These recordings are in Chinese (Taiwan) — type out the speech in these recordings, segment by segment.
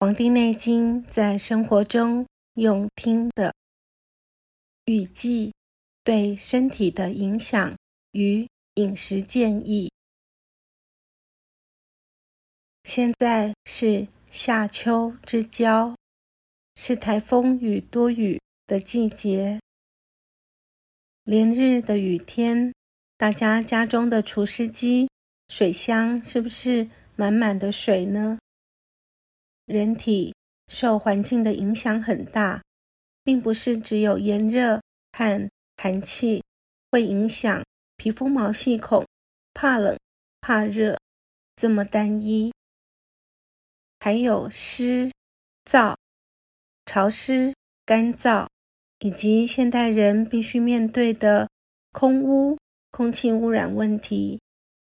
《黃帝內經》在生活中用聽的，雨季對身體的影響與飲食建議。現在是夏秋之交，是台風與多雨的季節。連日的雨天，大家家中的除濕機水箱是不是滿滿的水呢？人體受環境的影響很大，並不是只有炎熱和寒氣會影響皮膚毛細孔，怕冷怕熱這麼單一。還有濕、燥、潮濕、乾燥，以及現代人必須面對的空污、空氣污染問題，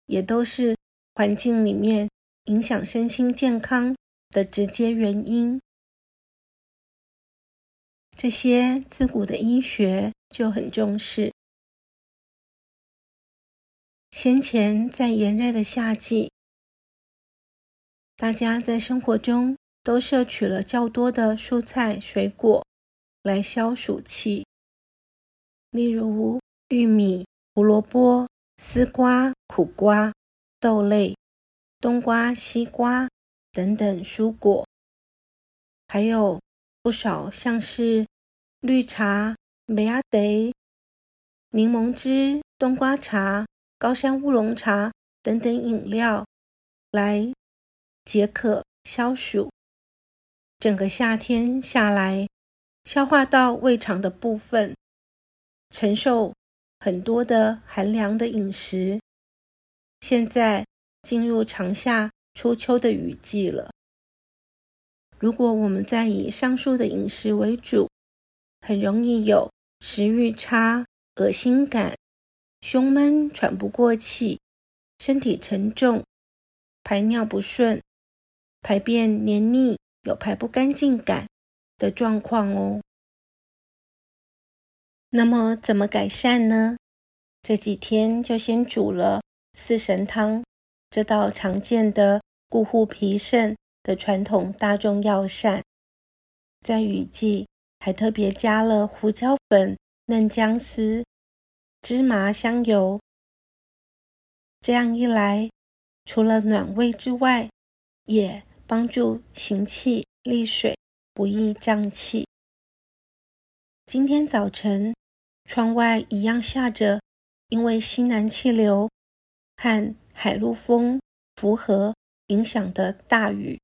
也都是環境裡面影響身心健康的直接原因，這些自古的醫學就很重視。先前在炎熱的夏季，大家在生活中都攝取了較多的蔬菜水果來消暑氣，例如玉米、胡蘿蔔、絲瓜、苦瓜、豆類、冬瓜、西瓜。等等，蔬果，還有不少像是綠茶、麥仔茶、檸檬汁、冬瓜茶、高山烏龍茶等等飲料來解渴消暑。整個夏天下來，消化道胃腸的部分承受很多的寒涼的飲食。現在進入長夏。初秋的雨季了，如果我們再以上述的飲食為主，很容易有食慾差、噁心感、胸悶、喘不過氣、身體沉重、排尿不順、排便黏膩、有排不乾淨感的狀況哦。那麼怎麼改善呢？這幾天就先煮了四神湯，這道常見的。固護脾腎的傳統大眾藥膳，在雨季還特別加了胡椒粉、嫩薑絲、芝麻香油。這樣一來，除了暖胃之外，也幫助行氣利水，不易脹氣。今天早晨，窗外一樣下着，因為西南氣流和海陸風輻合。影響的大雨，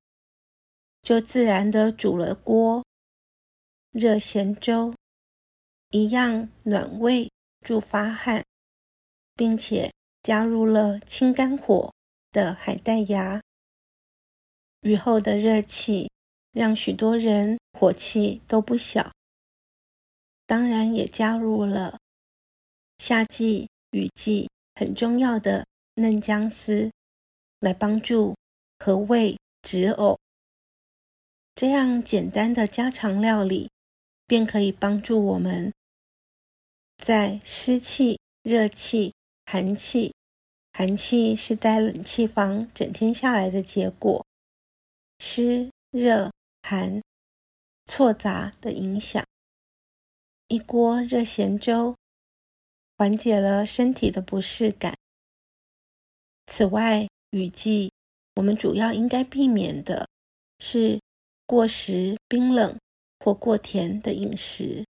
就自然的煮了鍋熱鹹粥，一樣暖胃助發汗，並且加入了清肝火的海帶芽。雨後的熱氣讓許多人火氣都不小，當然也加入了夏季雨季很重要的嫩薑絲來幫助。和胃止嘔，這樣簡單的家常料理，便可以幫助我們在濕氣、熱氣、寒氣。寒氣是呆冷氣房整天下來的結果，濕、熱、寒錯雜的影響。一鍋熱鹹粥，緩解了身體的不適感。此外，雨季。我們主要應該避免的是過食冰冷或過甜的飲食。《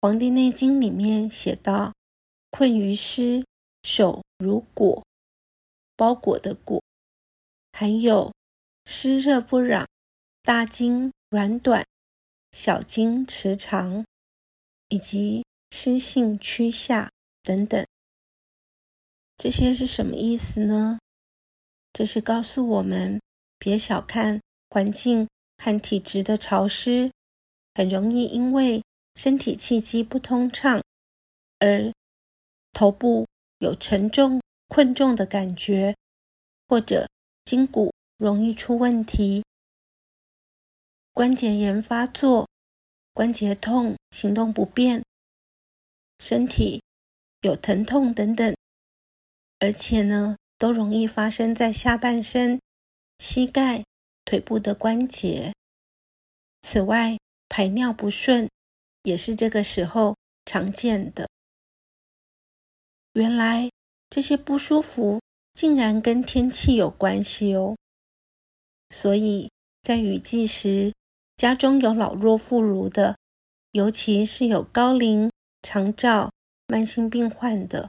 黃帝內經》裡面寫道：“困於濕，首如裹，包裹的裹，還有濕熱不攘，大筋緛短，小筋弛長，以及濕性趨下等等。”這些是什麼意思呢？這是告訴我們，別小看環境和體質的潮濕，很容易因為身體氣機不通暢而頭部有沉重困重的感覺，或者筋骨容易出問題，關節炎發作、關節痛、行動不便、身體有疼痛等等，而且呢。都容易發生在下半身、膝蓋、腿部的關節。此外，排尿不順也是這個時候常見的。原來這些不舒服竟然跟天氣有關係哦！所以，在雨季時，家中有老弱婦孺的，尤其是有高齡、長照、慢性病患的，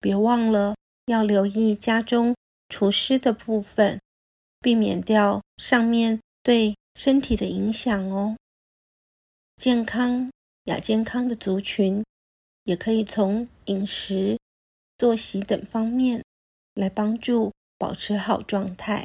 別忘了。要留意家中除濕的部分，避免掉上面對身體的影響哦。健康、亞健康的族群，也可以從飲食、作息等方面來幫助保持好狀態。